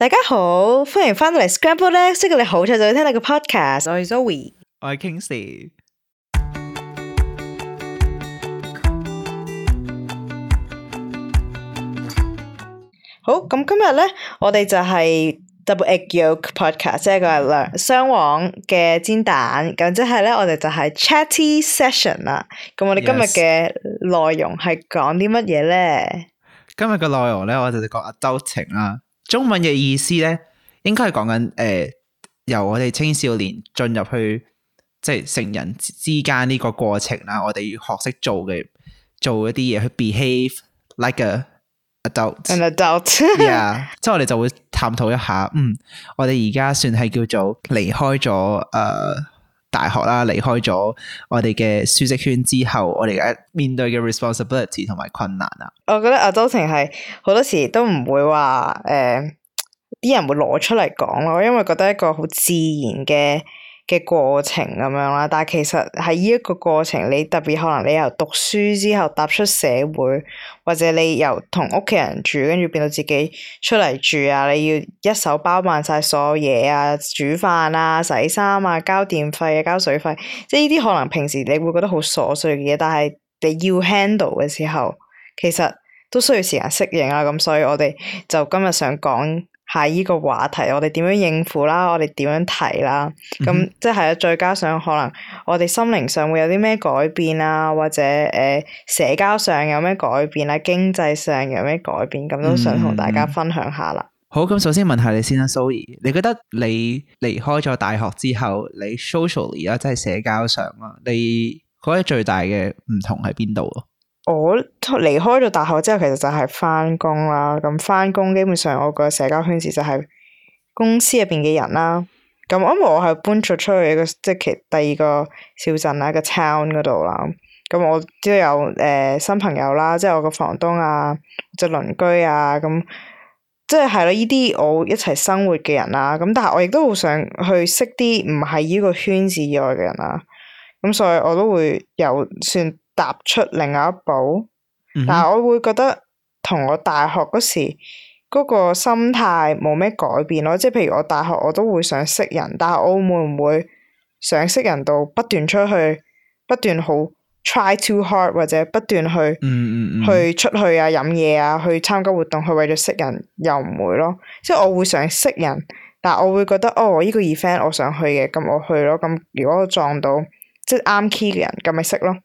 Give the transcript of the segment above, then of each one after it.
大家好，歡迎返到嚟 Scrambled Eggs 咧，識到你好彩就要聽你個 podcast。我係 Zoe，我係 Kingsley。好，咁今日咧，我哋就係 Double Egg Yolk Podcast，即係個雙黃嘅煎蛋。咁即係咧，我哋就係 Chatty Session 啦。咁我哋今日嘅內容係講啲乜嘢咧？Yes. 今日嘅內容咧，我就係講 adulting 啦。中文嘅意思呢，應該係講緊誒，由我哋青少年進入去即係成人之間呢個過程啦，我哋要學識做嘅做一啲嘢去 behave like a adult，an adult，係啊，即係我哋就會探討一下，嗯，我哋而家算係叫做離開咗誒。呃大學啦，離開咗我哋嘅舒適圈之後，我哋而家面對嘅 responsibility 同埋困難啊，我覺得 adulting 係好多時都唔會話誒，啲、呃、人會攞出嚟講咯，因為覺得一個好自然嘅。嘅過程咁樣啦，但係其實喺呢一個過程，你特別可能你由讀書之後踏出社會，或者你由同屋企人住，跟住變到自己出嚟住啊，你要一手包辦晒所有嘢啊，煮飯啊，洗衫啊，交電費啊，交水費，即係呢啲可能平時你會覺得好瑣碎嘅嘢，但係你要 handle 嘅時候，其實都需要時間適應啊，咁所以我哋就今日想講。下呢個話題，我哋點樣應付啦？我哋點樣提啦？咁即係啊，再加上可能我哋心靈上會有啲咩改變啊？或者誒、呃、社交上有咩改變啊？經濟上有咩改變，咁都想同大家分享下啦，嗯嗯。好，咁首先問下你先啦，Zoe，你覺得你離開咗大學之後，你 socially 啦，即係社交上啊，你覺得最大嘅唔同喺邊度啊？我離開咗大學之後，其實就係返工啦。咁返工基本上我個社交圈子就係公司入邊嘅人啦。咁因為我係搬咗出去一個即係其第二個小鎮一個啦，個 town 嗰度啦。咁我都有誒、呃、新朋友啦，即係我個房東啊，即、就、係、是、鄰居啊，咁即係係咯呢啲我一齊生活嘅人啊。咁但係我亦都好想去識啲唔係呢個圈子以外嘅人啊。咁、嗯、所以我都會有算。踏出另外一步，嗯、哼但係我會覺得同我大學嗰時嗰、嗰個心態冇咩改變咯。即係譬如我大學我都會想識人，但係我會唔會想識人到不斷出去、不斷好 try too hard 或者不斷去、嗯、哼去出去啊、飲嘢啊、去參加活動去為咗識人，又唔會咯。即係我會想識人，但係我會覺得哦，呢、呢個 event 我想去嘅，咁我去咯。咁如果撞到即係啱 key 嘅人，咁咪識咯。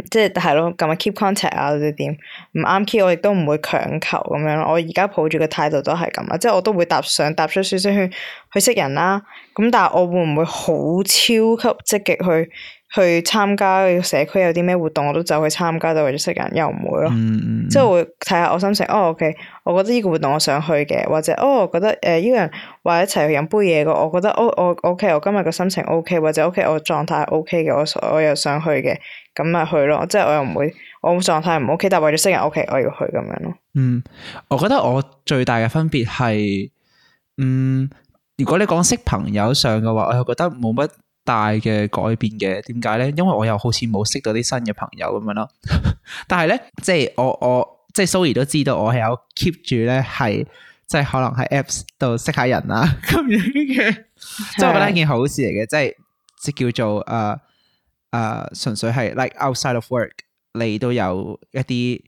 即係係咯，咁咪 keep contact 啊，或者點唔啱 key，我亦都唔會強求咁樣。我而家抱住個態度都係咁啊，即係我都會搭上，搭出少少圈去，去，去識人啦。咁但係我會唔會好超級積極去？去參加社區有啲咩活動，我都走去參加，就為咗識人，又唔會咯。即係，嗯，會睇下我心情，哦，OK，我覺得呢個活動我想去嘅，或者哦，覺得誒呢個人話一齊去飲杯嘢嘅，我覺得，呃，我覺得哦我 OK，我今日嘅心情 OK，或者 OK，我狀態 OK 嘅，我我又想去嘅，咁咪去咯。即係我又唔會，我狀態唔 OK，但係為咗識人 OK，我要去咁樣咯。嗯，我覺得我最大嘅分別係，嗯，如果你講識朋友上嘅話，我又覺得冇乜。大嘅改變嘅，點解咧？因為我又好似冇識到啲新嘅朋友咁樣咯。 但係咧，即、就、係、是、我我即係、就是、sorry 都知道，我係有 keep 住咧，係即係可能喺 Apps 度識下人啦、啊、咁 樣嘅，即係是我覺得一件好事嚟嘅，即係即叫做誒誒，純、呃呃、粹係 like outside of work，你都有一啲。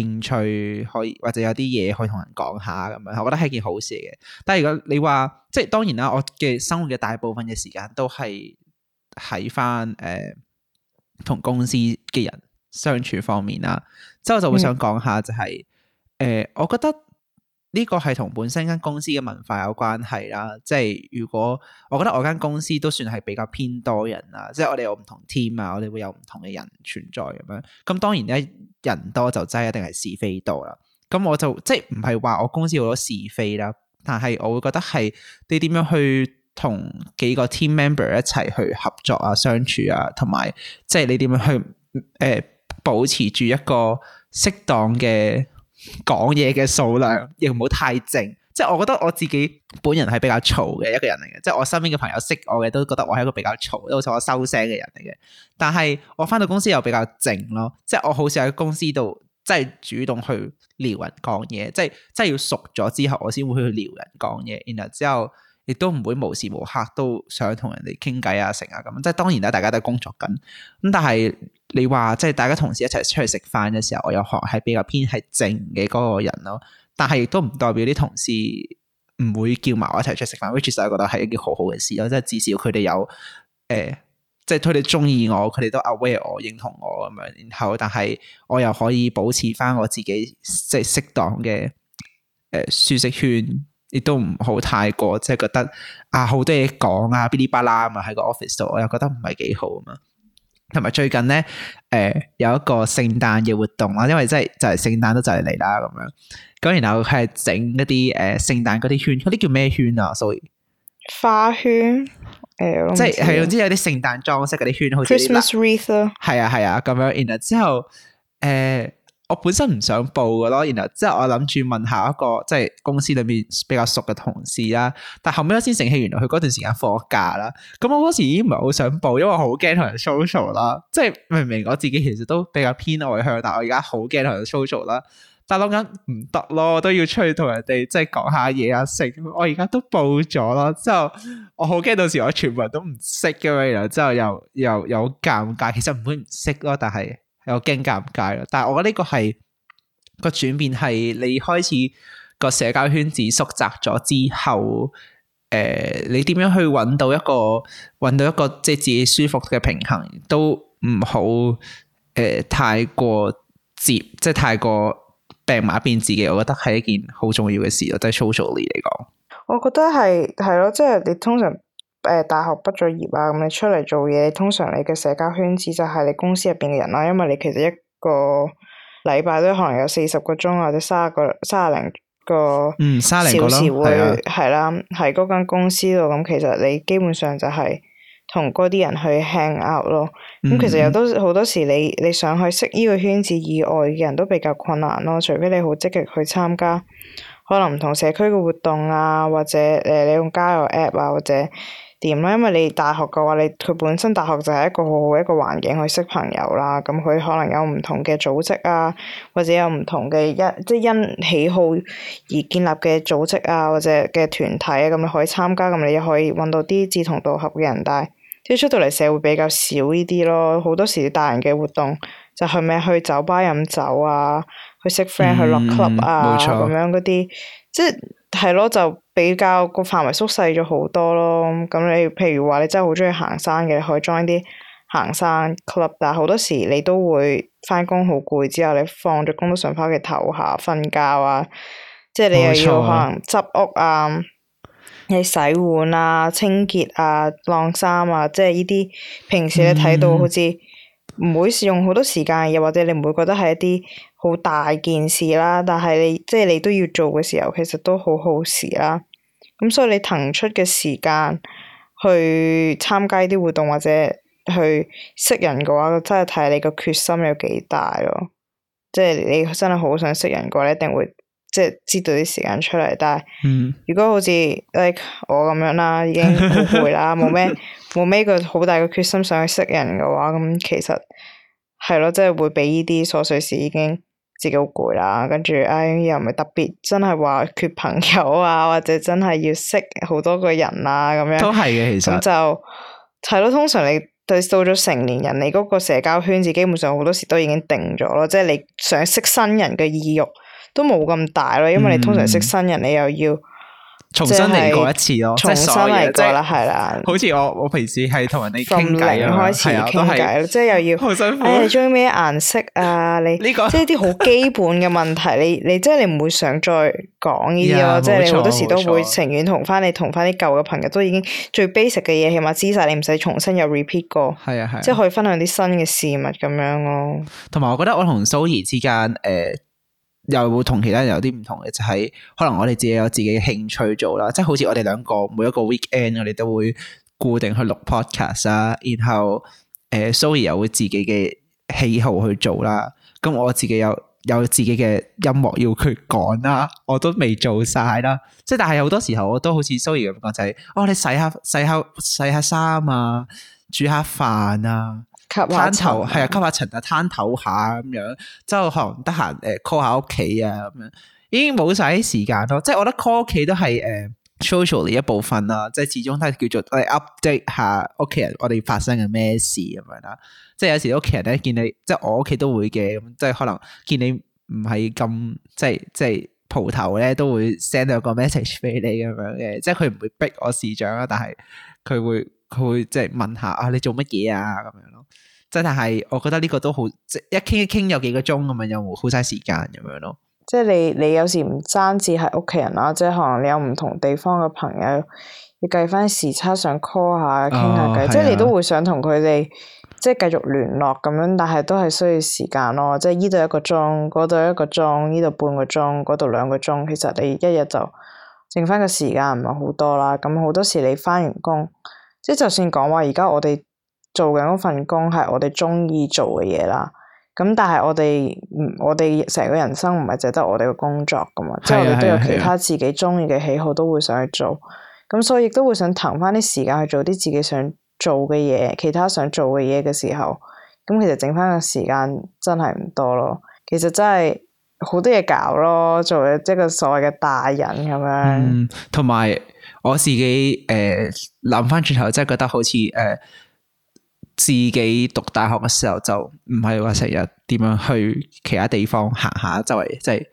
興趣可以或者有啲嘢可以同人講下咁樣，我覺得係件好事嘅。但係如果你話，即係當然啦，我嘅生活嘅大部分嘅時間都係喺返誒同公司嘅人相處方面啦。之後我就會想講下就係、是、誒、嗯呃，我覺得。呢個係同本身間公司嘅文化有關係啦，即係如果我覺得我間公司都算係比較偏多人啦，即係我哋有唔同 team 啊，我哋會有唔同嘅人存在咁樣，咁當然咧人多就真係一定係是，是非多啦。咁我就即係唔係話我公司好多是非啦，但係我會覺得係你點樣去同幾個 team member 一齊去合作啊、相處啊，同埋即係你點樣去誒、呃、保持住一個適當嘅。講嘢嘅數量亦唔好太靜，即係我覺得我自己本人係比較嘈嘅一個人嚟嘅，即係我身邊嘅朋友識我嘅都覺得我係一個比較嘈，好似我收聲嘅人嚟嘅。但係我翻到公司又比較靜咯，即係我好少喺公司度，即係主動去撩人講嘢，即係即係要熟咗之後我先會去撩人講嘢。然後之後亦都唔會無時無刻都想同人哋傾偈啊成啊咁，即係當然啦，大家都工作緊咁，但係，你話即係大家同事一齊出去食飯嘅時候，我又學係比較偏係靜嘅嗰個人咯。但係亦都唔代表啲同事唔會叫埋我一齊出去食飯，which 其實我覺得係一件好好嘅事咯。即係至少佢哋有誒，即係佢哋中意我，佢哋都 aware 我認同我咁樣。然後但係我又可以保持翻我自己即係適當嘅誒舒適圈，亦都唔好太過即係覺得啊好多嘢講啊，噼里啪啦啊嘛喺個 office 度，我又覺得唔係幾好啊嘛。同埋最近咧，誒、呃、有一個聖誕嘅活動啦，因為即係就係、是就是、聖誕都就嚟嚟啦咁樣。咁然後佢係整一啲誒、呃、聖誕嗰啲圈，嗰啲叫咩圈啊 so？sorry 花圈誒，哎、即係係總之有啲聖誕裝飾嗰啲圈，Christmas 好似 Christmas wreath 咯。係啊係啊，咁、啊、樣然後之後誒。呃我本身唔想報噶咯，然後之後我諗住問下一個即係、就是、公司裏面比較熟嘅同事啦，但後尾我先醒起，原來佢嗰段時間放假啦。咁我嗰時已經唔係好想報，因為我好驚同人 social 啦。即係明明我自己其實都比較偏外向，但係我而家好驚同人 social 啦。但諗緊唔得咯，都要出去同人哋即係講下嘢啊食。我而家都報咗咯，之後我好驚到時我全部人都唔識嘅，然後之後又又又，又尷尬。其實唔會唔識咯，但係。有驚尷尬咯，但係我覺得呢個係個轉變係你開始個社交圈子縮窄咗之後，誒、呃，你點樣去搵到一個搵到一個即係自己舒服嘅平衡，都唔好誒太過接，即係太過病馬變自己，我覺得係一件好重要嘅事咯，即係 socially 嚟講。我覺得係係咯，即係、就是、你通常。誒大學畢咗業啊，咁你出嚟做嘢，通常你嘅社交圈子就係你公司入邊嘅人啦。因為你其實一個禮拜都可能有四十個鐘或者三十個三十個嗯，小時會係去啦，喺嗰的間公司度。咁其實你基本上就係同嗰啲人去 hang out 咯。咁其實有都好多時你，你你想去識呢個圈子以外嘅人都比較困難咯。除非你好積極去參加，可能唔同社區嘅活動啊，或者誒你用交友 app 啊，或者～點啦？因為你大學嘅話，你佢本身大學就係一個好好一個環境去識朋友啦。咁佢可能有唔同嘅組織啊，或者有唔同嘅一，即係因喜好而建立嘅組織啊，或者嘅團體啊，咁你可以參加，咁你又可以揾到啲志同道合嘅人。但係即係出到嚟社會比較少呢啲咯，好多時大人嘅活動就係咪去，去酒吧飲酒啊，去識 friend、嗯、去落 club 啊，咁錯樣嗰啲，即係係咯就。比較個範圍縮細咗好多咯，咁你譬如話你真係好中意行山嘅，你可以 join 啲行山 club，但係好多時你都會翻工好攰之後，你放咗工都想翻屋企唞下瞓覺啊，即係你又要可能執屋啊，你洗碗啊、清潔啊、晾衫啊，即係呢啲平時你睇到好似唔會使用好多時間，又或者你唔會覺得係一啲。好大件事啦，但係你即係、就是、你都要做嘅時候，其實都好耗時啦。咁所以你騰出嘅時間去參加啲活動或者去識人嘅話，真係睇下你個決心有幾大咯。即、就、係、是、你真係好想識人嘅話，你一定會即係、就是、知道啲時間出嚟。但係、嗯、如果好似 like 我咁樣啦，已經好攰啦，冇咩冇咩個好大嘅決心想去識人嘅話，咁其實係咯，即係、就是、會俾呢啲瑣碎事已經。自己好攰啦，跟住唉，又唔係特別真係話缺朋友啊，或者真係要識好多個人啊咁樣，都係嘅其實。咁就係咯，通常你對到咗成年人，你嗰個社交圈子基本上好多時都已經定咗咯，即係你想識新人嘅意欲都冇咁大咯，因為你通常識新人，嗯、你又要。重新嚟過一次咯，重新嚟過啦，係啦。好似我我平時係同人哋傾偈咯，開始傾偈，係啊，都係咯，即係又要。好辛苦。你中意咩顏色啊？你呢個？即係啲好基本嘅問題，你你即係你唔會想再講呢啲咯，即係你好多時都會情願同翻你同翻啲舊嘅朋友，都已經最 basic 嘅嘢，起碼知晒，你唔使重新又 repeat 過。係啊係。即係可以分享啲新嘅事物咁樣咯。同埋我覺得我同 Zoe 之間誒。又會同其他人有啲唔同嘅，就係可能我哋自己有自己嘅興趣做啦，即係好似我哋兩個每一個 weekend 我哋都會固定去錄 podcast 啊，然後誒 Zoe 有佢自己嘅喜好去做啦，咁我自己有有自己嘅音樂要佢講啦，我都未做晒啦，即係但係好多時候我都好似 Zoe 咁講就係，哦你洗下洗下洗下衫啊，煮下飯啊。攤籌係啊，吸下塵啊，攤頭下咁樣，之後可能得閒誒 call 下屋企啊咁樣，已經冇晒啲時間咯。即係我覺得 call 屋企都係誒 social 嘅一部分啦。即係始終都係叫做 update、呃、下屋企人，我哋發生嘅咩事咁樣啦。即係有時屋企人咧見你，即係我屋企都會嘅。咁即係可能見你唔係咁即係即係蒲頭咧，都會 send 到個 message 俾你咁樣嘅。即係佢唔會逼我視像啊，但係佢會。佢會即係問下啊，你做乜嘢啊咁樣咯？真係係，我覺得呢個都好即一傾一傾有幾個鐘咁樣，又好嘥時間咁樣咯。即係你你有時唔爭止係屋企人啦，即係可能你有唔同地方嘅朋友，要計翻時差想 call 下傾下偈，哦啊、即係你都會想同佢哋即係繼續聯絡咁樣，但係都係需要時間咯。即係呢度一個鐘，嗰度一個鐘，呢度半個鐘，嗰度兩個鐘，其實你一日就剩翻嘅時間唔係好多啦。咁好多時你翻完工。即係就算講話而家我哋做緊嗰份工係我哋中意做嘅嘢啦，咁但係我哋，我哋成個人生唔係淨得我哋嘅工作噶嘛，即係、啊、我哋都有其他自己中意嘅喜好都會想去做，咁、啊啊、所以亦都會想騰翻啲時間去做啲自己想做嘅嘢，其他想做嘅嘢嘅時候，咁其實整翻個時間真係唔多咯，其實真係好多嘢搞咯，做嘅即係個所謂嘅大人咁樣，同埋、嗯。我自己誒諗翻轉頭，真係覺得好似誒、呃、自己讀大學嘅時候，就唔係話成日點樣去其他地方行下，周圍即係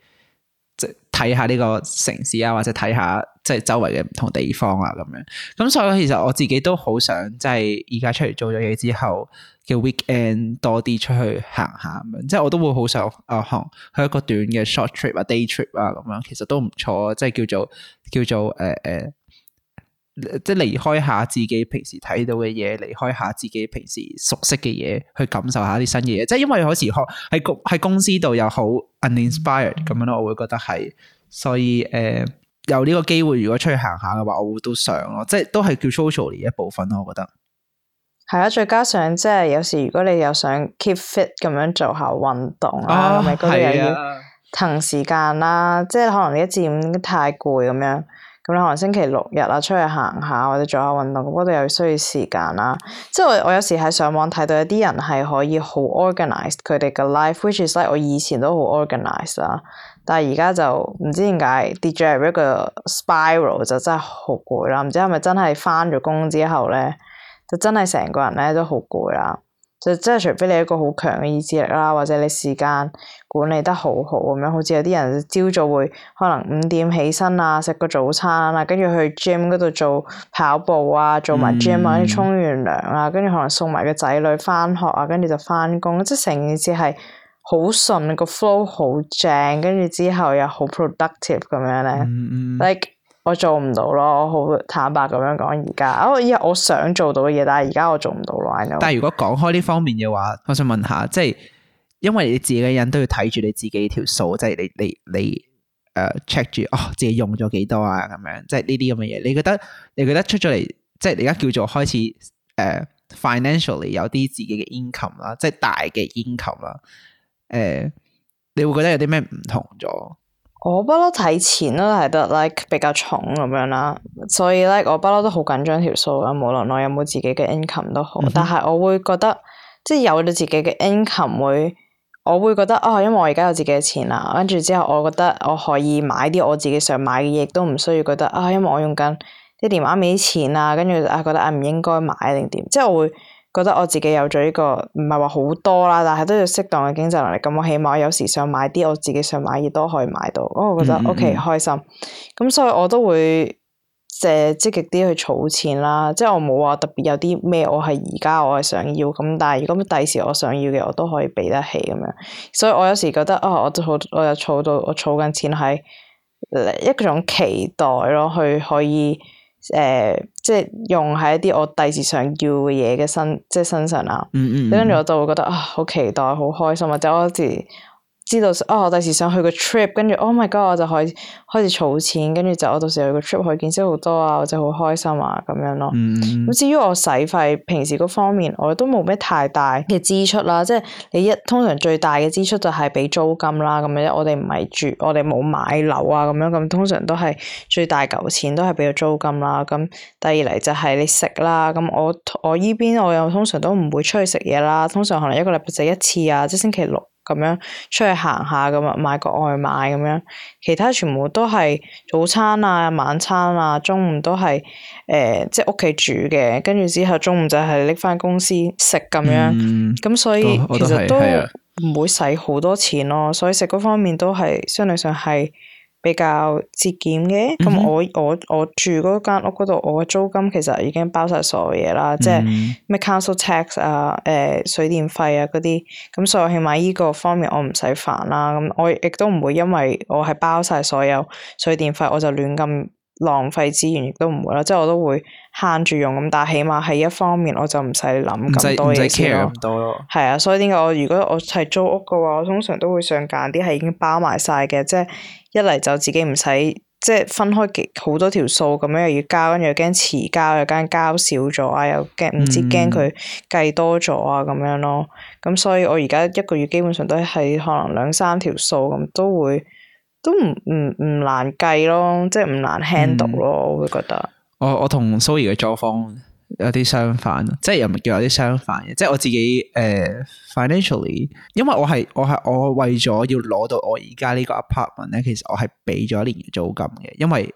即睇下呢個城市啊，或者睇下即係周圍嘅唔同地方啊咁樣。咁所以其實我自己都好想即係而家出嚟做咗嘢之後嘅 weekend 多啲出去行下咁樣，即係我都會好想啊、呃、去一個短嘅 short trip 啊 day trip 啊咁樣，其實都唔錯，即係叫做叫做誒誒。呃呃即係離開下自己平時睇到嘅嘢，離開下自己平時熟悉嘅嘢，去感受下啲新嘢。即係因為有時喺喺公司度又好 uninspired 咁樣咯，我會覺得係，所以誒、呃、有呢個機會，如果出去行下嘅話，我都想咯。即係都係叫 social l y 一部分咯，我覺得係啊。再加上即係有時如果你又想 keep fit 咁樣做下運動啊，咪時是啊，度又要騰時間啦。即係可能你一至五太攰咁樣。咁啊，嗯、可能星期六日啊，出去行下或者做下運動，嗰度又需要時間啦。即係我，有時喺上網睇到一啲人係可以好 organized 佢哋嘅 life，which is like 我以前都好 organized 啦，但係而家就唔知點解跌咗入一個 spiral 就真係好攰啦。唔知係咪真係返咗工之後咧，就真係成個人咧都好攰啦。就真係除非你一個好強嘅意志力啦，或者你時間。管理得好好咁樣，好似有啲人朝早會可能五點起身啊，食個早餐啊，跟住去 gym 嗰度做跑步啊，做埋 gym 啊，跟住沖完涼啊，跟住可能送埋個仔女翻學啊，跟住就翻工，即係成件事係好順個 flow 好正，跟住之後又好 productive 咁、啊、樣咧。嗯嗯、like 我做唔到咯，我好坦白咁樣講而家。哦，因為我想做到嘅嘢，但係而家我做唔到咯。但係如果講開呢方面嘅話，我想問下，即係。因為你自己嘅人都要睇住你自己條數，即係你你你誒 check 住哦，自己用咗幾多啊咁樣，即係呢啲咁嘅嘢。你覺得你覺得出咗嚟，即係你而家叫做開始誒、嗯 uh, financially 有啲自己嘅 income 啦，即係大嘅 income 啦。誒，你會覺得有啲咩唔同咗？我不嬲睇錢咯，係得 like 比較重咁樣啦。所以咧，我不嬲都好緊張條數噶，無論我有冇自己嘅 income 都好。嗯、但係我會覺得，即係有你自己嘅 income 會。我會覺得啊、哦，因為我而家有自己嘅錢啦，跟住之後我覺得我可以買啲我自己想買嘅嘢，亦都唔需要覺得啊、哦，因為我用緊啲電話畀錢啦，跟住啊覺得啊唔應該買定點，即係我會覺得我自己有咗呢、這個唔係話好多啦，但係都要適當嘅經濟能力，咁我起碼有時想買啲我自己想買嘢都可以買到，哦、我覺得嗯嗯嗯 OK 開心，咁所以我都會。即係積極啲去儲錢啦，即係我冇話特別有啲咩，我係而家我係想要咁，但係如果第時我想要嘅，我都可以俾得起咁樣。所以我有時覺得啊，我就好，我有儲到，我儲緊錢喺一種期待咯，去可以誒、呃，即係用喺一啲我第時想要嘅嘢嘅身，即係身上啦。跟住、mm hmm. 我就會覺得啊，好期待，好開心或者我有時。知道哦，我第時想去個 trip，跟住 oh my god，我就可以開始儲錢，跟住就我到時去個 trip 可以見識好多啊，或者好開心啊咁樣咯。咁、嗯、至於我使費平時嗰方面，我都冇咩太大嘅支出啦。即係你一通常最大嘅支出就係俾租金啦咁樣。我哋唔係住，我哋冇買樓啊咁樣。咁通常都係最大嚿錢都係俾咗租金啦。咁第二嚟就係你食啦。咁我我依邊我又通常都唔會出去食嘢啦。通常可能一個禮拜就一次啊，即係星期六。咁樣出去行下咁啊，買個外賣咁樣，其他全部都係早餐啊、晚餐啊、中午都係誒、呃，即係屋企煮嘅，跟住之後中午就係拎翻公司食咁樣，咁、嗯、所以其實都唔會使好多錢咯，嗯、所以食嗰方面都係相對上係。比較節儉嘅，咁、嗯、哼我我我住嗰間屋嗰度，我嘅租金其實已經包晒所有嘢啦，嗯、哼即係咩 Council Tax 啊、誒、呃、水電費啊嗰啲，咁所以我起碼依個方面我唔使煩啦。咁我亦都唔會因為我係包晒所有水電費，我就亂咁浪費資源，亦都唔會啦。即係我都會慳住用咁，但係起碼係一方面，我就唔使諗咁多嘢先咯。係啊，所以點解我如果我係租屋嘅話，我通常都會想揀啲係已經包埋晒嘅，即係。一嚟就自己唔使，即係分開幾好多條數咁樣，又要交，跟住，又驚遲交，又驚交少咗啊，又驚唔、嗯、知驚佢計多咗啊咁樣咯。咁所以我而家一個月基本上都係可能兩三條數咁都會，都唔唔唔難計咯，即係唔難 handle 咯，嗯、我會覺得。我我同 Zoe 嘅作風有啲相反，即係又唔係叫有啲相反嘅，即係我自己誒、呃、financially，因為我係我係我為咗要攞到我而家呢個 apartment 咧，其實我係俾咗一年租金嘅，因為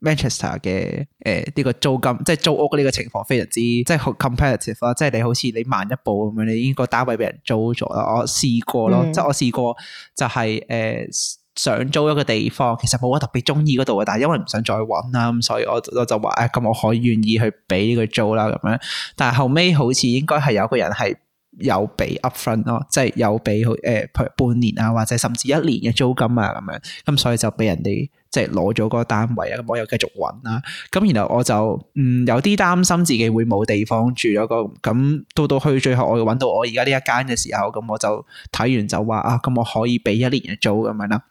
Manchester 嘅誒呢、呃這個租金即係租屋呢個情況非常之即係 competitive 啦，即係你好似你慢一步咁樣，你依個單位俾人租咗啦，我試過咯，mm hmm. 即係我試過就係、是、誒。呃想租一個地方，其實冇我特別中意嗰度嘅，但係因為唔想再揾啦，咁所以我我就話誒，咁、啊、我可以願意去俾呢個租啦咁樣。但係後尾好似應該係有個人係有俾 upfront 咯，即係有俾誒，半年啊或者甚至一年嘅租金啊咁樣，咁所以就俾人哋即係攞咗個單位啊，咁我又繼續揾啦。咁然後我就嗯有啲擔心自己會冇地方住，咗。咁咁到到去最後我揾到我而家呢一間嘅時候，咁我就睇完就話啊，咁我可以俾一年嘅租咁樣啦。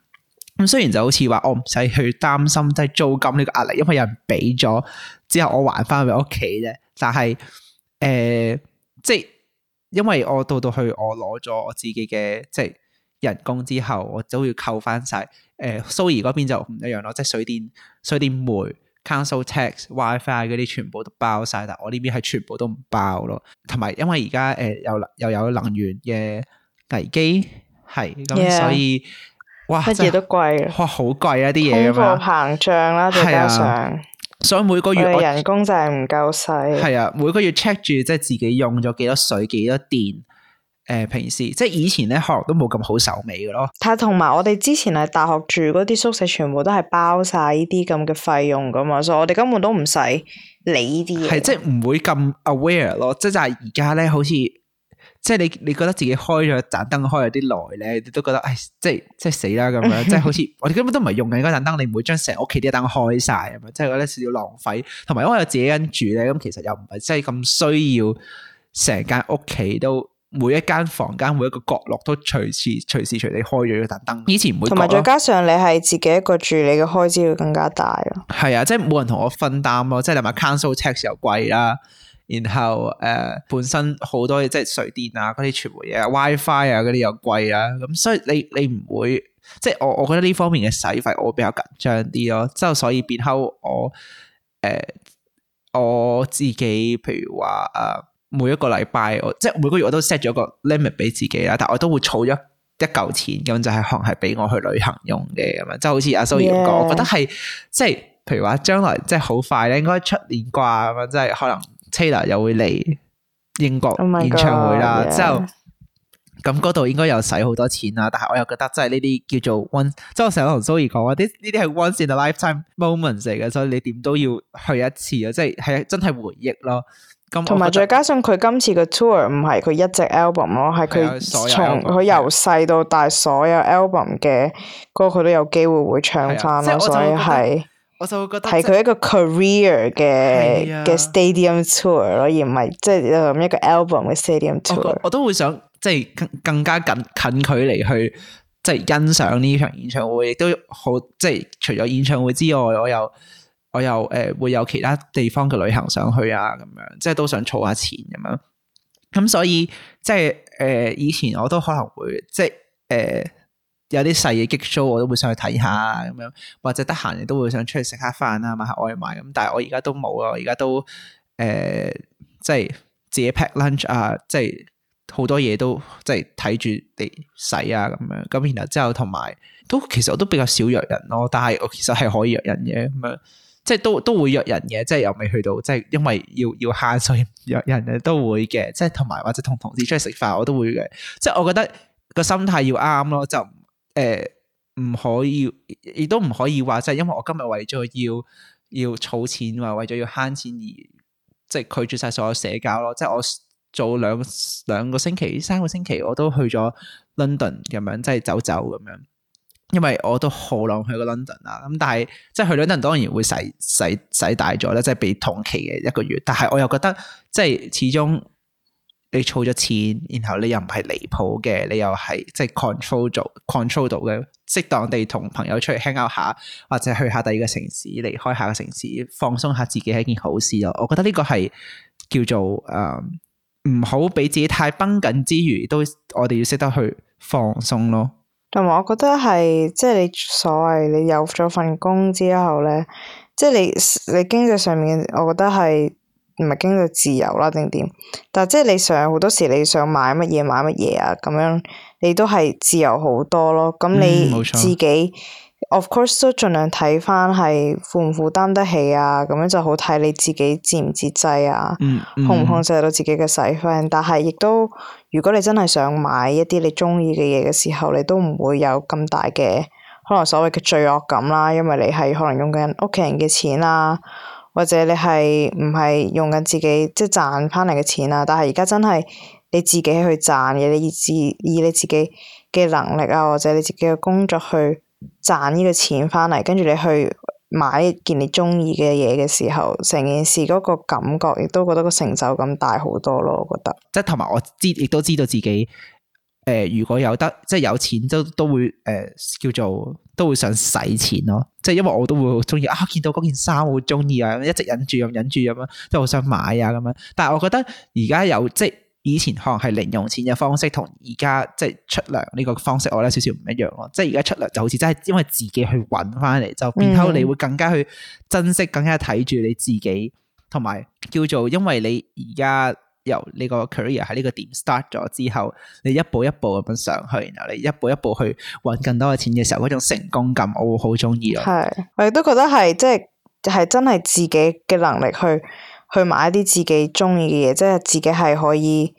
咁雖然就好似話我唔使去擔心即係租金呢個壓力，因為有人俾咗之後我還翻去屋企啫。但係誒、呃，即係因為我到到去我攞咗我自己嘅即係人工之後，我都要扣翻晒。誒、呃，蘇怡嗰邊就唔一樣咯，即係水電、水電煤、Council Tax wi、WiFi 嗰啲全部都包晒。但我呢邊係全部都唔包咯。同埋因為而家誒又又有能源嘅危機，係咁所以。Yeah. 哇！乜嘢都貴，哇好貴啊啲嘢啊嘛，通貨膨脹啦，再加上，所以每個月我，我哋人工就係唔夠使，係啊，每個月 check 住即係自己用咗幾多水、幾多電，誒、呃，平時即係以前咧學都冇咁好手尾嘅咯。但係同埋我哋之前喺大學住嗰啲宿舍，全部都係包晒呢啲咁嘅費用噶嘛，所以我哋根本都唔使理呢啲嘢，係即係唔會咁 aware 咯，即係就係而家咧好似。即係你，你覺得自己開咗盞燈開咗啲耐咧，你都覺得，哎，即係即係死啦咁樣，即係好似 我哋根本都唔係用緊嗰盞燈，你唔會將成屋企啲燈開晒，咁樣即係覺得少少浪費。同埋因為我自己人住咧，咁其實又唔係真係咁需要成間屋企都每一間房間每一個角落都隨時隨時隨地開咗盞燈。以前唔同，同埋再加上你係自己一個住，你嘅開支會更加大咯。係啊，即係冇人同我分擔咯，即係你話 council tax 又貴啦。然後誒、呃，本身好多嘢，即係水電啊，嗰啲傳媒啊、WiFi 啊，嗰啲又貴啊，咁所以你你唔會即係我我覺得呢方面嘅使費我會比較緊張啲咯，之後所以變後我誒、呃、我自己譬如話誒每一個禮拜我即係每個月我都 set 咗個 limit 俾自己啦，但我都會儲咗一嚿錢，咁就係可能係俾我去旅行用嘅咁樣，即係好似阿 Zoe 講，我覺得係即係譬如話將來即係好快咧，應該出年啩咁樣，即係可能。Taylor 又會嚟英國、oh、my God，演唱會啦，Yeah. 之後咁嗰度應該又使好多錢啦。但係我又覺得即係呢啲叫做 one，即係我成日同 Zoe 講話啲呢啲係 once in a lifetime moments 嚟嘅，所以你點都要去一次啊！即係係真係回憶咯。同埋再加上佢今次嘅 tour 唔係佢一隻 album 咯，係佢從佢由細到大所有 album 嘅歌佢都有機會會唱翻啦，就是、所以係。我就會覺得係佢一個 career 嘅嘅、是、啊、stadium tour 咯，而唔係即係一個 album 嘅 stadium tour。我，我都會想即係更更加近近距離去即係欣賞呢場演唱會，亦都好即係除咗演唱會之外，我又我又誒、呃、會有其他地方嘅旅行想去啊，咁樣即係都想儲下錢咁樣。咁所以即係誒、呃，以前我都可能會即係誒。呃有啲細嘢吸收，我都會上去睇下咁樣，或者得閒亦都會想出去食下飯啊，買下外賣咁。但係我而家都冇咯，而家都誒、呃，即係自己 pack lunch 啊，即係好多嘢都即係睇住嚟洗啊咁樣。咁然後之後同埋都其實我都比較少約人咯，但係我其實係可以約人嘅咁樣，即係都都會約人嘅，即係又未去到，即係因為要要慳所以約人都會嘅。即係同埋或者同同事出去食飯我都會嘅，即係我覺得個心態要啱咯就。誒，唔、呃、可以，亦都唔可以話即係，因為我今日為咗要要儲錢，或為咗要慳錢而即係拒絕晒所有社交咯。即係我做兩兩個星期、三個星期，我都去咗 London，咁樣，即係走走咁樣。因為我都好耐去個 London 啦，咁但係即係去 London 當然會使使使大咗啦，即係比同期嘅一個月。但係我又覺得即係始終。你儲咗錢，然後你又唔係離譜嘅，你又係即係 control 到、control 到嘅，適當地同朋友出去 hang out 下，或者去下第二個城市，離開下個城市，放鬆下自己係一件好事咯。我覺得呢個係叫做誒，唔好俾自己太繃緊之餘，都我哋要識得去放鬆咯。同埋，我覺得係即係你所謂你有咗份工之後咧，即係你你經濟上面，我覺得係。唔係經濟自由啦定點，但係即係你想好多時，你想買乜嘢買乜嘢啊咁樣，你都係自由好多咯。咁你自己、嗯、of course 都盡量睇翻係負唔負擔得起啊。咁樣就好睇你自己節唔節制啊，控唔、嗯嗯、控制到自己嘅使費。但係亦都，如果你真係想買一啲你中意嘅嘢嘅時候，你都唔會有咁大嘅可能所謂嘅罪惡感啦，因為你係可能用緊屋企人嘅錢啊。或者你係唔係用緊自己即係賺翻嚟嘅錢啊？但係而家真係你自己去賺嘅，你以自以你自己嘅能力啊，或者你自己嘅工作去賺呢個錢翻嚟，跟住你去買一件你中意嘅嘢嘅時候，成件事嗰個感覺亦都覺得個成就感大好多咯，我覺得。即係同埋我知，亦都知道自己，誒、呃、如果有得即係有錢，都都會誒、呃、叫做。都會想使錢咯，即係因為我都會好中意啊，見到嗰件衫好中意啊，一直忍住又忍住咁樣，即係好想買啊咁樣。但係我覺得而家有即係以前可能係零用錢嘅方式，同而家即係出糧呢個方式我，我覺得少少唔一樣咯。即係而家出糧就好似真係因為自己去揾翻嚟，就變後你會更加去珍惜，更加睇住你自己，同埋叫做因為你而家。由呢個 career 喺呢個點 start 咗之後，你一步一步咁樣上去，然後你一步一步去揾更多嘅錢嘅時候，嗰種成功感我會好中意。係，我亦都覺得係，即係係真係自己嘅能力去去買啲自己中意嘅嘢，即係自己係可以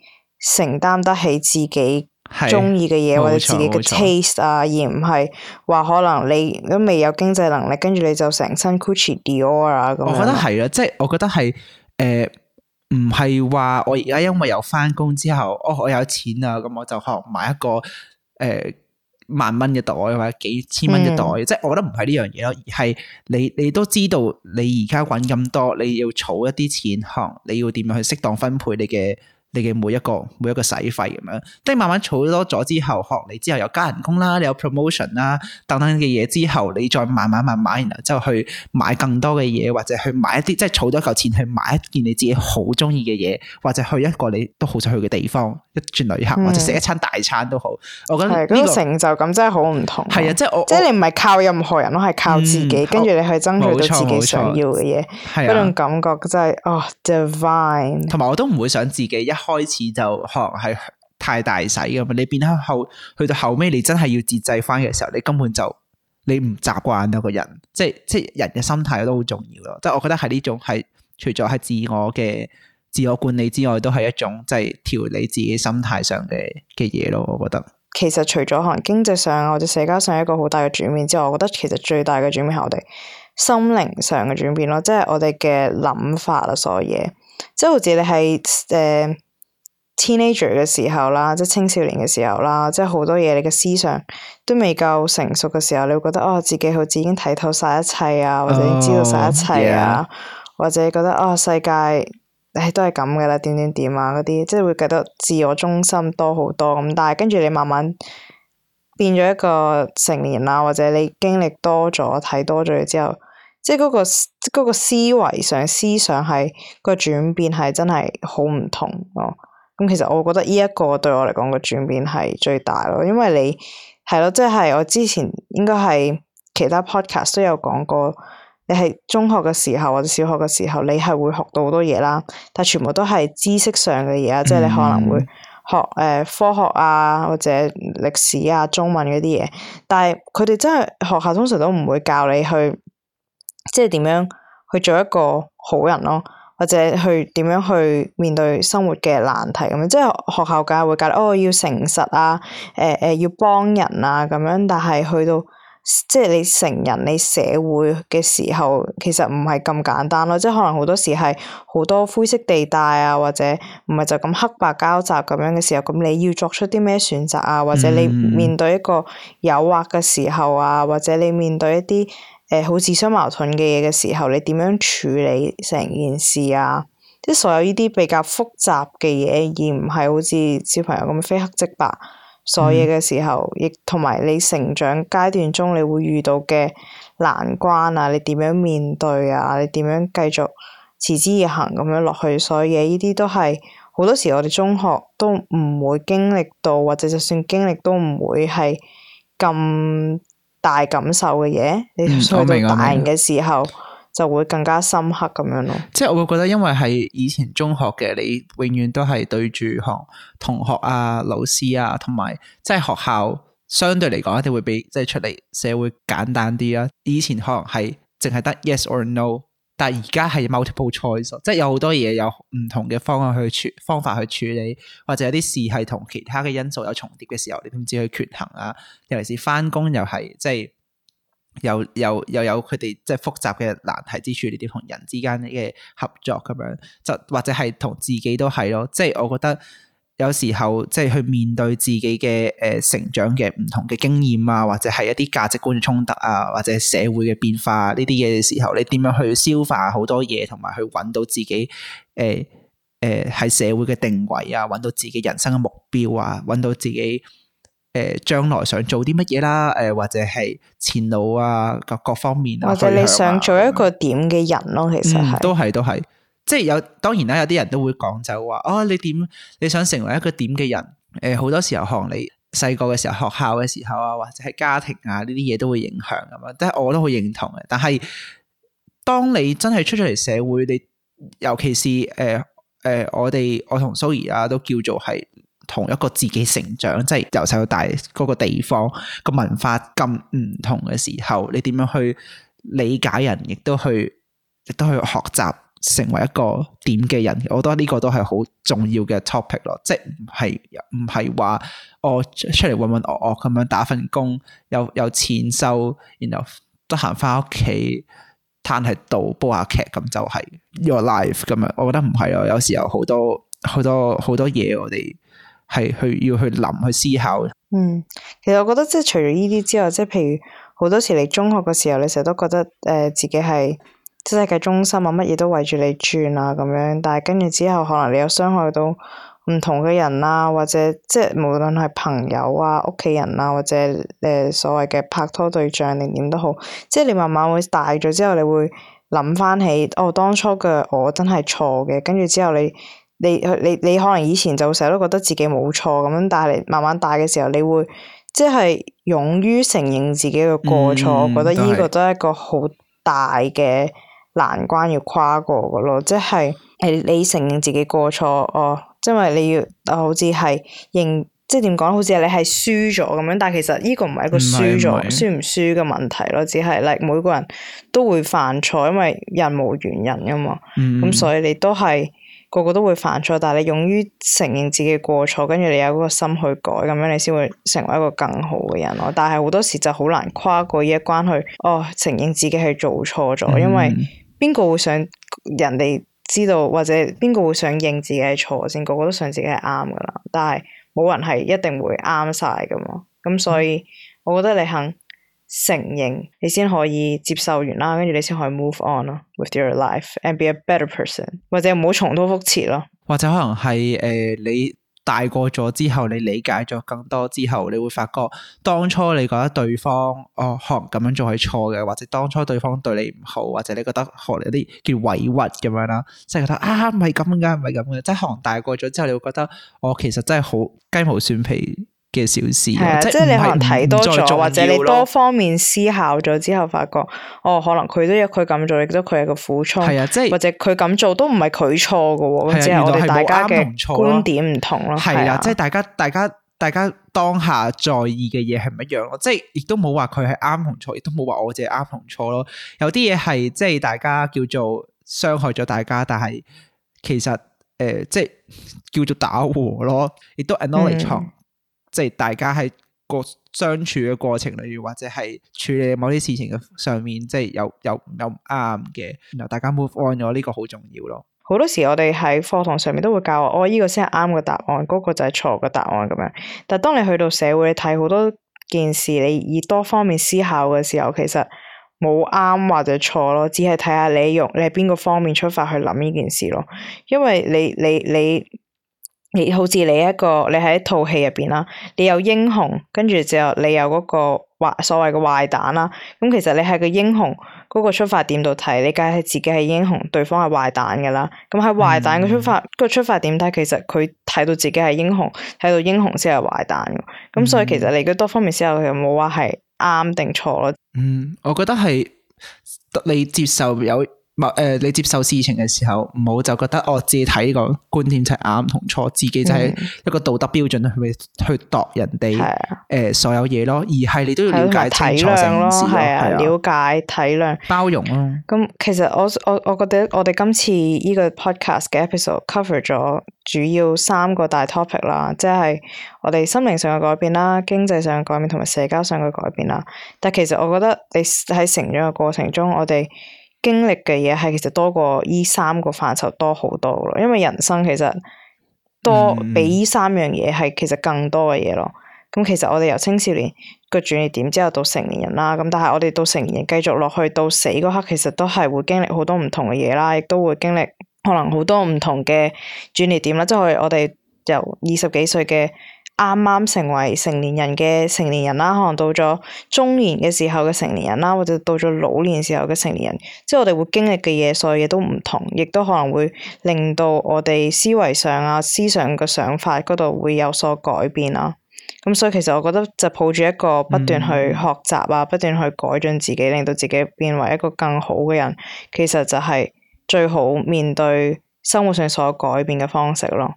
承擔得起自己中意嘅嘢或者自己嘅 taste 啊，錯而唔係話可能你都未有經濟能力，跟住你就成身 Gucci Dior 啊咁。我覺得係啊，即係我覺得係誒。唔係話我而家因為有翻工之後，哦我有錢啊，咁我就學買一個誒、呃、萬蚊嘅袋或者幾千蚊嘅袋，即係、嗯、我覺得唔係呢樣嘢咯，而係你你都知道你而家搵咁多，你要儲一啲錢，學你要點樣去適當分配你嘅。你嘅每一個每一個使費咁樣，即係慢慢儲多咗之後，學你之後有加人工啦，你有 promotion 啦，等等嘅嘢之後，你再慢慢慢慢買然後之後去買更多嘅嘢，或者去買一啲即係儲多一嚿錢去買一件你自己好中意嘅嘢，或者去一個你都好想去嘅地方一轉旅行，或者食一餐大餐都好。嗯、我覺得、這個那個成就感真係好唔同。係啊，就是、即係我即係你唔係靠任何人咯，係、嗯、靠自己，跟住、嗯、你去爭取到自己想要嘅嘢。係嗰種感覺真係啊，divine。同埋我都唔會想自己一，一開始就可能係太大使㗎嘛。你變翻後，去到後尾，你真係要節制翻嘅時候，你根本就你唔習慣到個人，即係即係人嘅心態都好重要咯。即係我覺得係呢種係除咗係自我嘅自我管理之外，都係一種即係調理自己心態上嘅嘅嘢咯。我覺得其實除咗可能經濟上或者社交上一個好大嘅轉變之外，我覺得其實最大嘅轉變係我哋心靈上嘅轉變咯，即係我哋嘅諗法啊，所有嘢，即係好似你係誒。呃 Teenager 嘅時候啦，即係青少年嘅時候啦，即係好多嘢，你嘅思想都未夠成熟嘅時候，你會覺得哦，自己好似已經睇透晒一切啊，或者知道晒一切啊，Oh, yeah. 或者覺得哦，世界唉都係咁嘅啦，點點點啊嗰啲，即係會覺得自我中心多好多咁。但係跟住你慢慢變咗一個成年啦，或者你經歷多咗、睇多咗嘢之後，即係、嗰、嗰個嗰、嗰個思維上、思想係、嗰個轉變係真係好唔同咯。咁其實我覺得呢一個對我嚟講嘅轉變係最大咯，因為你係咯，即係、就是、我之前應該係其他 podcast 都有講過，你係中學嘅時候或者小學嘅時候，你係會學到好多嘢啦，但全部都係知識上嘅嘢啊，即係 你可能會學誒、呃、科學啊或者歷史啊、中文嗰啲嘢，但係佢哋真係學校通常都唔會教你去，即係點樣去做一個好人咯。或者去點樣去面對生活嘅難題咁樣，即係學校教會教你哦，要誠實啊，誒、呃、誒、呃、要幫人啊咁樣，但係去到即係你成人你社會嘅時候，其實唔係咁簡單咯，即係可能好多時係好多灰色地帶啊，或者唔係就咁黑白交雜咁樣嘅時候，咁你要作出啲咩選擇啊？或者你面對一個誘惑嘅時候啊，或者你面對一啲～誒、欸、好自相矛盾嘅嘢嘅時候，你點樣處理成件事啊？即係所有呢啲比較複雜嘅嘢，而唔係好似小朋友咁非黑即白，所以嘅時候，亦同埋你成長階段中你會遇到嘅難關啊，你點樣面對啊？你點樣繼續持之以恆咁樣落去？所以呢啲都係好多時我哋中學都唔會經歷到，或者就算經歷都唔會係咁。大感受嘅嘢，你到大人嘅時候、嗯、就會更加深刻咁樣咯。即係我會覺得，因為係以前中學嘅，你永遠都係對住學同學啊、老師啊，同埋即係學校相對嚟講一定會比即係、就是、出嚟社會簡單啲啦。以前可能係淨係得 yes or no。但而家係 multiple choice，即係有好多嘢有唔同嘅方向去處方法去處理，或者有啲事係同其他嘅因素有重疊嘅時候，你點知去權衡啊？尤其是翻工，又係即係又又又有佢哋即係複雜嘅難題之處，呢啲同人之間嘅合作咁樣，就或者係同自己都係咯，即係我覺得。有時候即係、就是、去面對自己嘅誒、呃、成長嘅唔同嘅經驗啊，或者係一啲價值觀嘅衝突啊，或者社會嘅變化呢啲嘢嘅時候，你點樣去消化好多嘢，同埋去揾到自己誒誒喺社會嘅定位啊，揾到自己人生嘅目標啊，揾到自己誒將、呃、來想做啲乜嘢啦？誒、呃、或者係前路啊各各方面啊，或者你想做一個點嘅人咯？其實係、嗯、都係都係。即係有，當然啦，有啲人都會講就話哦，你點你想成為一個點嘅人？誒、呃，好多時候看你細個嘅時候、學校嘅時候啊，或者喺家庭啊呢啲嘢都會影響咁樣。即係我都好認同嘅。但係當你真係出咗嚟社會，你尤其是誒誒、呃呃，我哋我同 Zoe 啊都叫做係同一個自己成長，即係由細到大嗰、那個地方、個文化咁唔同嘅時候，你點樣去理解人，亦都去亦都去學習。成為一個點嘅人，我覺得呢個都係好重要嘅 topic 咯，即係唔係唔係話我出嚟渾渾噩噩咁樣打份工，有有錢收，然後得閒翻屋企攤喺度煲下劇咁就係 your life 咁樣。我覺得唔係啊。有時候好多好多好多嘢，我哋係去要去諗去思考。嗯，其實我覺得即係除咗呢啲之外，即係譬如好多時你中學嘅時候，你成日都覺得誒、呃、自己係。世界中心啊，乜嘢都圍住你轉啊，咁樣。但係跟住之後，可能你有傷害到唔同嘅人啊，或者即係無論係朋友啊、屋企人啊，或者誒所謂嘅拍拖對象定點都好，即係你慢慢會大咗之後，你會諗翻起哦，當初嘅我真係錯嘅。跟住之後你你你你，你可能以前就成日都覺得自己冇錯咁樣，但係你慢慢大嘅時候，你會即係勇於承認自己嘅過錯。我、嗯、覺得呢個都係一個好大嘅。難關要跨過嘅咯，即係誒你承認自己過錯哦，因為你要好似係認，即係點講？好似你係輸咗咁樣，但係其實呢個唔係一個輸咗，唔係唔係輸唔輸嘅問題咯，只係咧每個人都會犯錯，因為人無完人嘅嘛。咁、嗯嗯、所以你都係個個都會犯錯，但係你勇於承認自己過錯，跟住你有嗰個心去改，咁樣你先會成為一個更好嘅人咯。但係好多時就好難跨過呢一關去哦，承認自己係做錯咗，因為。嗯邊個會想人哋知道，或者邊個會想認自己係錯先？個個都想自己係啱噶啦，但係冇人係一定會啱晒噶嘛。咁所以我覺得你肯承認，你先可以接受完啦，跟住你先可以 move on 咯，with your life and be a better person。或者唔好重蹈覆轍咯。或者可能係誒、呃、你。大個咗之後，你理解咗更多之後，你會發覺當初你覺得對方哦行咁樣做係錯嘅，或者當初對方對你唔好，或者你覺得學嚟啲叫委屈咁樣啦，即係覺得啊唔係咁嘅，唔係咁嘅，即係行大個咗之後，你會覺得我、哦、其實真係好雞毛蒜皮嘅小事，即係、啊就是、你可能睇多咗，或者你多方面思考咗之後，後發覺哦，可能佢都有佢咁做，亦都佢係個苦衷，係啊，即、就、係、是、或者佢咁做都唔係佢錯嘅。係啊，原來係大家嘅觀點唔同咯。係啊，即係大家，大家，大家當下在意嘅嘢係唔一樣咯。即係亦都冇話佢係啱同錯，亦都冇話我自己啱同錯咯。有啲嘢係即係大家叫做傷害咗大家，但係其實誒，即、呃、係叫做打和咯，亦都 analyze。 即係大家喺個相處嘅過程裏邊，或者係處理某啲事情嘅上面，即係有有有唔啱嘅，然後大家 move on 咗，呢、這個好重要咯。好多時我哋喺課堂上面都會教我，呢、哦這個先係啱嘅答案，嗰、這個就係錯嘅答案咁樣。但係當你去到社會，你睇好多件事，你以多方面思考嘅時候，其實冇啱或者錯咯，只係睇下你用你喺邊個方面出發去諗呢件事咯。因為你你你。你好似你一個，你喺套戲入邊啦，你有英雄，跟住就你有嗰個所謂嘅壞蛋啦。咁其實你喺個英雄嗰個出發點度睇，你梗係自己係英雄，對方係壞蛋噶啦。咁喺壞蛋嘅出發個、嗯、出發點睇，其實佢睇到自己係英雄，睇到英雄先係壞蛋。咁所以其實你多方面思考，佢有冇話係啱定錯咯。嗯，我覺得係你接受有。唔，你接受事情嘅時候，唔好就覺得哦，自己睇個觀點就係啱同錯，自己就係一個道德標準、嗯、去去度人哋誒所有嘢咯，而係你都要了解清楚成件事，了解體諒，了解體諒包容咯、啊。咁其實我我我覺得我哋今次呢個 podcast 嘅 episode cover 咗主要三個大 topic 啦，即係我哋心靈上嘅改變啦、經濟上嘅改變同埋社交上嘅改變啦。但其實我覺得你喺成長嘅過程中，我哋，經歷嘅嘢係其實多過呢三個範疇多好多咯，因為人生其實多比呢三樣嘢係其實更多嘅嘢咯。咁其實我哋由青少年個轉捩點之後到成年人啦，咁但係我哋到成年人繼續落去到死嗰刻，其實都係會經歷好多唔同嘅嘢啦，亦都會經歷可能好多唔同嘅轉捩點啦，即係我哋由二十幾歲嘅。啱啱成為成年人嘅成年人啦，可能到咗中年嘅時候嘅成年人啦，或者到咗老年時候嘅成年人，即係我哋會經歷嘅嘢，所有嘢都唔同，亦都可能會令到我哋思維上啊、思想嘅想法嗰度會有所改變啦。咁、嗯、所以其實我覺得就抱住一個不斷去學習啊、不斷去改進自己，令到自己變為一個更好嘅人，其實就係最好面對生活上所有改變嘅方式咯。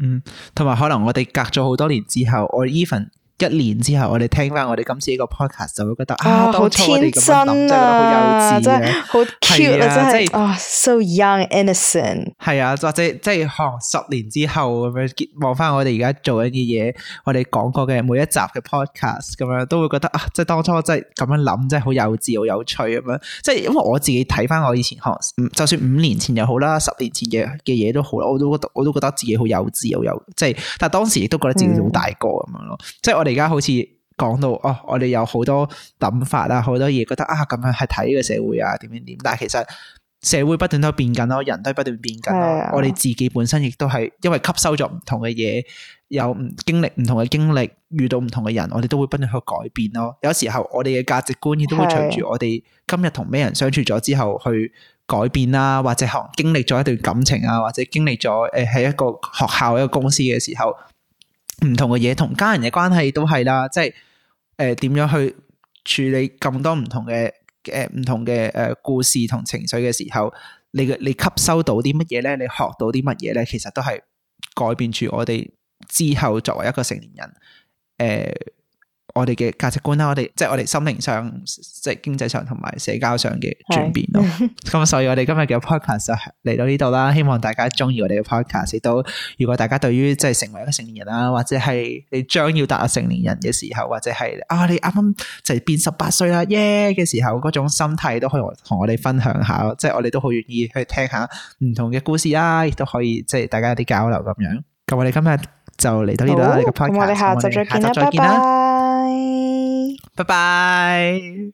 嗯，同埋可能我哋隔咗好多年之後，我 even 一年之後，我哋聽翻我哋今次呢個 podcast，就會覺得、哦、啊，好天真好、啊、幼稚，好 cute 啊，真係啊，so young innocent。係啊，或者即係可、哦、十年之後咁樣，望翻我哋而家做緊嘅嘢，我哋講過嘅每一集嘅 podcast 咁樣，都會覺得啊，即係當初即係咁樣諗，即係好幼稚，好有趣咁樣。即係因為我自己睇翻我以前學，就算五年前又好啦，十年前嘅嘅嘢都好啦，我都覺得我都覺得自己好幼稚，好有，即係但係當時亦都覺得自己好大個咁樣咯。即係、嗯、我哋。而家好似講到哦，我哋有好多諗法啊，好多嘢覺得啊，咁樣係睇呢個社會啊，點點點。但係其實社會不斷都變緊咯，人都係不斷變緊咯。是的 我哋自己本身亦都係因為吸收咗唔同嘅嘢，有經歷唔同嘅經歷，遇到唔同嘅人，我哋都會不斷去改變咯。有時候我哋嘅價值觀亦都會隨住我哋今日同咩人相處咗之後去改變啦，是的 或者可能經歷咗一段感情啊，或者經歷咗誒喺一個學校、一個公司嘅時候。唔同嘅嘢，同家人嘅關係都係啦，即係誒點樣去處理咁多唔同嘅誒唔同嘅誒故事同情緒嘅時候，你嘅你吸收到啲乜嘢咧？你學到啲乜嘢咧？其實都係改變住我哋之後作為一個成年人誒。我哋嘅價值觀啦，我哋即係我哋心靈上、即係經濟上同埋社交上嘅轉變咯。咁所以我哋今日嘅 podcast 就嚟到呢度啦。希望大家中意我哋嘅 podcast。亦都如果大家對於即係成為一個成年人啦，或者係你將要達成年人嘅時候，或者係啊，你啱啱就係變十八歲啦耶嘅時候，嗰種心態都可以同我哋分享下咯。即係我哋都好願意去聽下唔同嘅故事啦，亦都可以即係大家有啲交流咁樣。咁我哋今日就嚟到呢度啦。個 podcast，我哋下集再見啦，再見啦。拜拜。